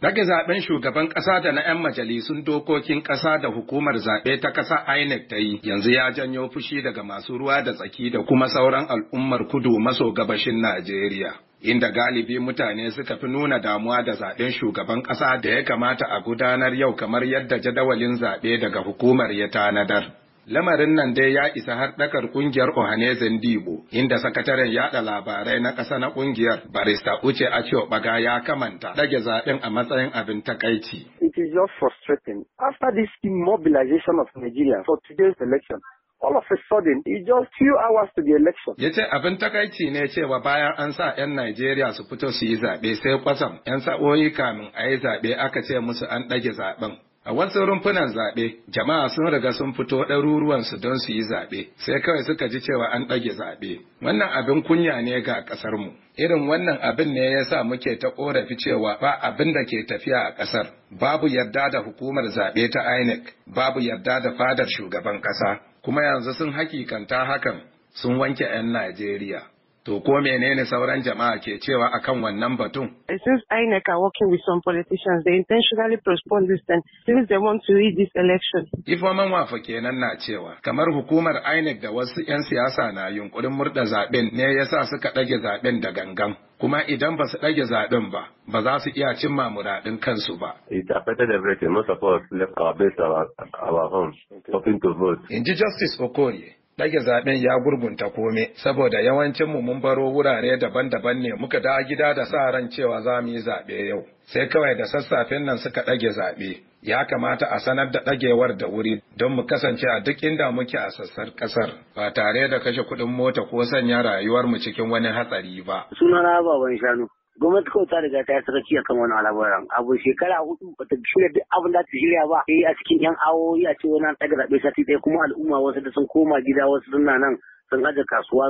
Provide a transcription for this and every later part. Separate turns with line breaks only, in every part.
Rage zaben shugaban ƙasa da na 'yan majalisun dokokin ƙasa da hukumar zaɓe ta ƙasa INEC ta yi yanzu ya janyo fushi daga masu ruwa da tsaki da kuma sauran al'ummar kudu maso gabashin Najeriya. inda galibi mutane suka fi nuna damuwa da zaɓen shugaban ƙasa da ya kamata a gudanar yau kamar yadda jadawalin zaɓe daga hukumar ya tanadar. Lamarin nan dai ya isa har ɗakar ƙungiyar Ohanezen Dibo, inda sakataren yaɗa labarai na ƙasa na ƙungiyar Barista Uche Achiyo Baga ya kamanta ɗage zaɓen a matsayin abin takaici.
It is just frustrating. After this immobilization of Nigeria for today's election, all of a sudden it's just few hours to the election. Ya
ce abin takaici ne cewa bayan an sa 'yan Najeriya su fito su yi zaɓe sai kwasam 'yan sa'o'i kamin a yi zaɓe aka ce musu an ɗage zaɓen. A wasu rumfunan zaɓe, jama'a sun riga sun fito ɗaruruwansu don su yi zaɓe, sai kawai suka ji cewa an ɗage zaɓe. Wannan abin kunya ne ga ƙasarmu. Irin wannan abin ne ya sa muke ta ƙorafi cewa ba abin da ke tafiya a ƙasar. Babu yarda da hukumar zaɓe ta INEC, babu yarda da fadar shugaban ƙasa, kuma yanzu sun hakikanta hakan sun wanke 'yan Najeriya. To ko menene sauran jama'a ke cewa akan wannan batun?
Since INEC are working with some politicians, they intentionally postpone this and since they want to read this election.
Ifoman wafa kenan na cewa kamar hukumar INEC da wasu 'yan siyasa na yunkurin murda zaɓen ne yasa suka ɗage zaben da gangan. kuma idan ba su ɗage zaɓen ba ba za su iya cimma muradin kansu ba. It affected everything. Most of us left our base, our, our homes, hoping to vote. In ji Justice Okoye, Ɗage zaben ya gurgunta kome saboda yawancin mu mun baro wurare daban-daban ne muka da gida da sa ran cewa za mu yi zaɓe yau. Sai kawai da sassafen nan suka ɗage zaɓe. Ya kamata a sanar da ɗagewar da wuri don mu kasance a duk inda muke a sassar ƙasar ba tare da kashe kuɗin mota ko sanya rayuwar mu cikin wani hatsari ba.
Sunana baban shanu. gwamnati kawai ta riga ta sarki a kan wani al'amuran abu shekara hudu ta shirya duk abin da ta shirya ba eh a cikin yan awowi a ce wani ta zaɓe sati ɗaya kuma al'umma wasu da sun koma gida wasu suna nan sun aje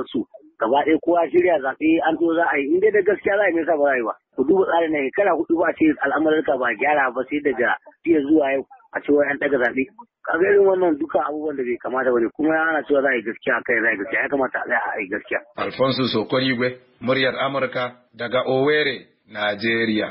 su. gaba ɗaya kowa shirya zaɓe an zo za a yi inda da gaskiya za a yi me yasa ba za a yi ba ku duba tsarin na shekara hudu ba ce ka ba gyara ba sai daga jiya zuwa yau a ce yan an ɗaga zaɓe kaga irin wannan duka abubuwan da bai kamata ne kuma ana cewa za a yi gaskiya kai za a yi gaskiya ya kamata a yi gaskiya.
Alfonso Gwe. muryar Amurka daga Owerri, Najeriya.